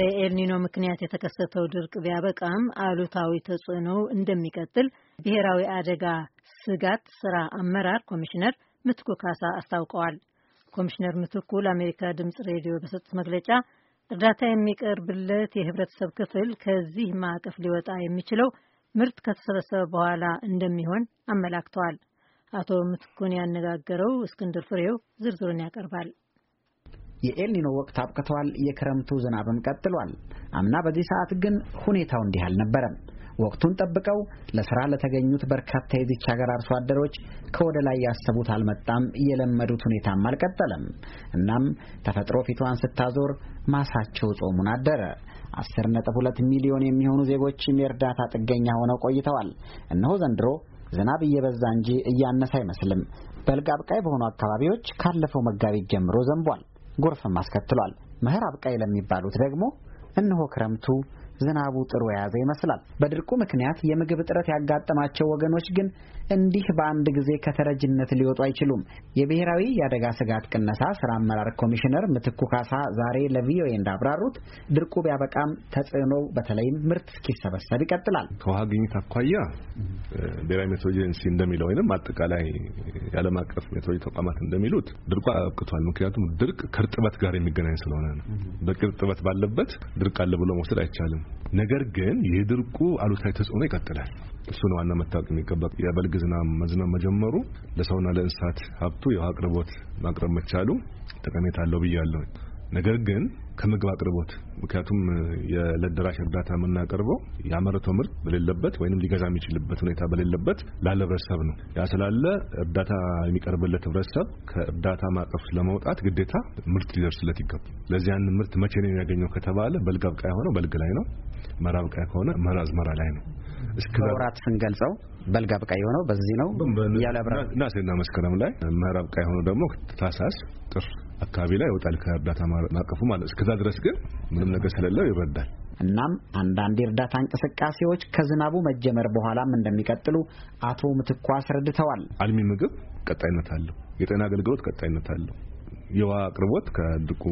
በኤልኒኖ ምክንያት የተከሰተው ድርቅ ቢያበቃም አሉታዊ ተጽዕኖ እንደሚቀጥል ብሔራዊ አደጋ ስጋት ስራ አመራር ኮሚሽነር ምትኩ ካሳ አስታውቀዋል። ኮሚሽነር ምትኩ ለአሜሪካ ድምፅ ሬዲዮ በሰጡት መግለጫ እርዳታ የሚቀርብለት የህብረተሰብ ክፍል ከዚህ ማዕቀፍ ሊወጣ የሚችለው ምርት ከተሰበሰበ በኋላ እንደሚሆን አመላክተዋል። አቶ ምትኩን ያነጋገረው እስክንድር ፍሬው ዝርዝሩን ያቀርባል። የኤልኒኖ ወቅት አብቅተዋል። የክረምቱ ዝናብም ቀጥሏል። አምና በዚህ ሰዓት ግን ሁኔታው እንዲህ አልነበረም። ወቅቱን ጠብቀው ለስራ ለተገኙት በርካታ የዚች ሀገር አርሶ አደሮች ከወደ ላይ ያሰቡት አልመጣም፣ የለመዱት ሁኔታም አልቀጠለም። እናም ተፈጥሮ ፊቷን ስታዞር ማሳቸው ጾሙን አደረ። ሁለት ሚሊዮን የሚሆኑ ዜጎችም የእርዳታ ጥገኛ ሆነው ቆይተዋል። እነሆ ዘንድሮ ዝናብ እየበዛ እንጂ እያነሰ አይመስልም። በልግ አብቃይ በሆኑ አካባቢዎች ካለፈው መጋቢት ጀምሮ ዘንቧል። ጎርፍም አስከትሏል። ምህራብ አብቃይ ለሚባሉት ደግሞ እነሆ ክረምቱ ዝናቡ ጥሩ የያዘ ይመስላል። በድርቁ ምክንያት የምግብ እጥረት ያጋጠማቸው ወገኖች ግን እንዲህ በአንድ ጊዜ ከተረጅነት ሊወጡ አይችሉም። የብሔራዊ የአደጋ ስጋት ቅነሳ ስራ አመራር ኮሚሽነር ምትኩ ካሳ ዛሬ ለቪኦኤ እንዳብራሩት ድርቁ ቢያበቃም ተጽዕኖው በተለይም ምርት እስኪሰበሰብ ይቀጥላል። ከውሃ ግኝት አኳያ ብሔራዊ ሜትሮሎጂ ኤጀንሲ እንደሚለው ወይም አጠቃላይ የዓለም አቀፍ ሜትሮሎጂ ተቋማት እንደሚሉት ድርቁ አብቅቷል። ምክንያቱም ድርቅ ከእርጥበት ጋር የሚገናኝ ስለሆነ ነው። በቂ እርጥበት ባለበት ድርቅ አለ ብሎ መውሰድ አይቻልም። ነገር ግን የድርቁ አሉታዊ ተጽዕኖ ይቀጥላል። እሱ ነው ዋና መታወቅ የሚገባ። የበልግ ዝናብ መዝነብ መጀመሩ ለሰውና ለእንስሳት ሀብቱ የውሃ አቅርቦት ማቅረብ መቻሉ ጠቀሜታ አለው ብያለሁ። ነገር ግን ከምግብ አቅርቦት ምክንያቱም ለደራሽ እርዳታ የምናቀርበው ያመረተው ምርት በሌለበት ወይንም ሊገዛ የሚችልበት ሁኔታ በሌለበት ላለ ህብረተሰብ ነው። ያ ስላለ እርዳታ የሚቀርብለት ህብረተሰብ ከእርዳታ ማዕቀፍ ለመውጣት ግዴታ ምርት ሊደርስለት ይገባል። ለዚህ ያን ምርት መቼ ነው የሚያገኘው ከተባለ በልግ አብቃይ የሆነው በልግ ላይ ነው። መራ አብቃይ ከሆነ መራ አዝመራ ላይ ነው። መብራት ስንገልጸው በልግ አብቃይ የሆነው በዚህ ነው እያለ ብራ ናሴና መስከረም ላይ ምዕራብ ቃይ የሆነው ደግሞ ታሳስ ጥር አካባቢ ላይ ይወጣል ከእርዳታ ማቀፉ ማለት እስከዛ ድረስ ግን ምንም ነገር ስለሌለው ይረዳል። እናም አንዳንድ የእርዳታ እንቅስቃሴዎች ከዝናቡ መጀመር በኋላም እንደሚቀጥሉ አቶ ምትኳ አስረድተዋል። አልሚ ምግብ ቀጣይነት አለው። የጤና አገልግሎት ቀጣይነት አለው። የውሃ አቅርቦት ከድርቁ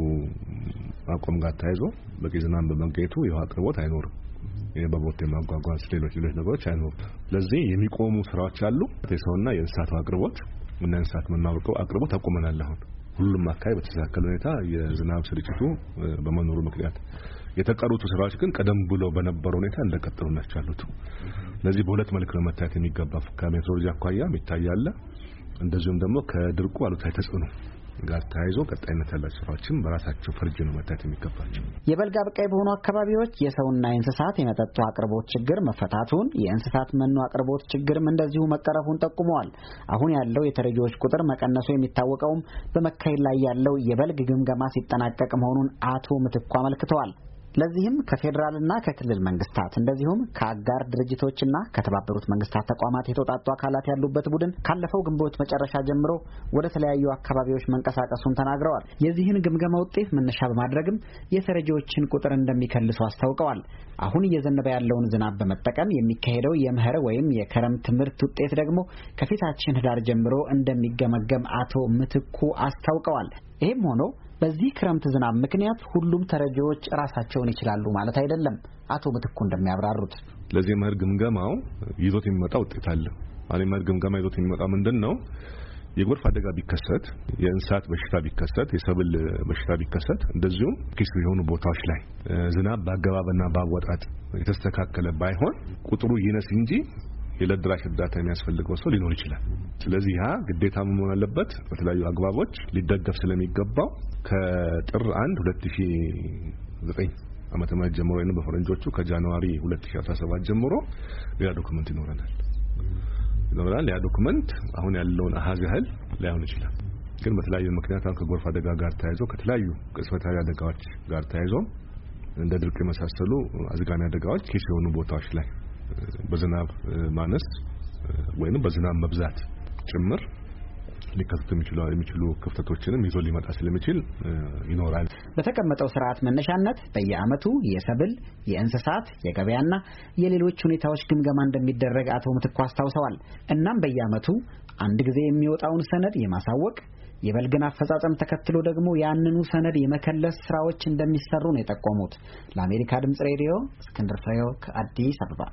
አቋም ጋር ተያይዞ በቂ ዝናብ በመገኘቱ የውሃ አቅርቦት አይኖርም። በቦት የማጓጓዝ ሌሎች ሌሎች ነገሮች አይኖሩም። ለዚህ የሚቆሙ ስራዎች አሉ። የሰውና የእንስሳቱ አቅርቦት እና እንስሳት መናወቀው አቅርቦት አቁመናል። አሁን ሁሉም አካባቢ በተስተካከለ ሁኔታ የዝናብ ስርጭቱ በመኖሩ ምክንያት የተቀሩት ስራዎች ግን ቀደም ብሎ በነበረው ሁኔታ እንደቀጠሉ ናቸው ያሉት። ስለዚህ በሁለት መልክ ነው መታየት የሚገባ። ከሜትሮሎጂ አኳያም ይታያል፣ እንደዚሁም ደግሞ ከድርቁ አሉታዊ ተጽዕኖ ጋር ተያይዞ ቀጣይነት ያላቸው ስራዎችም በራሳቸው ፈርጅ ነው መታት የሚገባቸው። የበልግ አብቃይ በሆኑ አካባቢዎች የሰውና የእንስሳት የመጠጡ አቅርቦት ችግር መፈታቱን፣ የእንስሳት መኖ አቅርቦት ችግርም እንደዚሁ መቀረፉን ጠቁመዋል። አሁን ያለው የተረጂዎች ቁጥር መቀነሱ የሚታወቀውም በመካሄድ ላይ ያለው የበልግ ግምገማ ሲጠናቀቅ መሆኑን አቶ ምትኩ አመልክተዋል። ለዚህም ከፌዴራልና ከክልል መንግስታት እንደዚሁም ከአጋር ድርጅቶችና ከተባበሩት መንግስታት ተቋማት የተውጣጡ አካላት ያሉበት ቡድን ካለፈው ግንቦት መጨረሻ ጀምሮ ወደ ተለያዩ አካባቢዎች መንቀሳቀሱን ተናግረዋል። የዚህን ግምገማ ውጤት መነሻ በማድረግም የተረጂዎችን ቁጥር እንደሚከልሱ አስታውቀዋል። አሁን እየዘነበ ያለውን ዝናብ በመጠቀም የሚካሄደው የምህር ወይም የከረምት ትምህርት ውጤት ደግሞ ከፊታችን ህዳር ጀምሮ እንደሚገመገም አቶ ምትኩ አስታውቀዋል። ይህም ሆኖ በዚህ ክረምት ዝናብ ምክንያት ሁሉም ተረጂዎች ራሳቸውን ይችላሉ ማለት አይደለም። አቶ ምትኩ እንደሚያብራሩት ለዚህ መኸር ግምገማው ይዞት የሚመጣ ውጤት አለ። አሁን የመኸር ግምገማ ይዞት የሚመጣ ምንድን ነው? የጎርፍ አደጋ ቢከሰት፣ የእንስሳት በሽታ ቢከሰት፣ የሰብል በሽታ ቢከሰት፣ እንደዚሁም ኪስ የሆኑ ቦታዎች ላይ ዝናብ በአገባብና በአወጣጥ የተስተካከለ ባይሆን ቁጥሩ ይነስ እንጂ የለድራሽ እርዳታ የሚያስፈልገው ሰው ሊኖር ይችላል። ስለዚህ ያ ግዴታ መሆን አለበት። በተለያዩ አግባቦች ሊደገፍ ስለሚገባው ከጥር 1 2009 ሺ ዓመተ ምህረት ጀምሮ ወይም በፈረንጆቹ ከጃንዋሪ 2017 ጀምሮ ሌላ ዶክመንት ይኖረናል ይኖረናል። ያ ዶክመንት አሁን ያለውን አሃዝ ያህል ላይሆን ይችላል፣ ግን በተለያዩ ምክንያት አሁን ከጎርፍ አደጋ ጋር ተያይዞ ከተለያዩ ቅጽበታዊ አደጋዎች ጋር ተያይዞ እንደ ድርቅ የመሳሰሉ አዝጋሚ አደጋዎች ኬስ የሆኑ ቦታዎች ላይ በዝናብ ማነስ ወይንም በዝናብ መብዛት ጭምር ሊከሰቱ የሚችሉ ክፍተቶችንም ይዞ ሊመጣ ስለሚችል ይኖራል። በተቀመጠው ስርዓት መነሻነት በየዓመቱ የሰብል፣ የእንስሳት፣ የገበያና የሌሎች ሁኔታዎች ግምገማ እንደሚደረግ አቶ ምትኩ አስታውሰዋል። እናም በየዓመቱ አንድ ጊዜ የሚወጣውን ሰነድ የማሳወቅ የበልግን አፈጻጸም ተከትሎ ደግሞ ያንኑ ሰነድ የመከለስ ስራዎች እንደሚሰሩ ነው የጠቆሙት። ለአሜሪካ ድምጽ ሬዲዮ እስክንድር ፍሬው ከአዲስ አበባ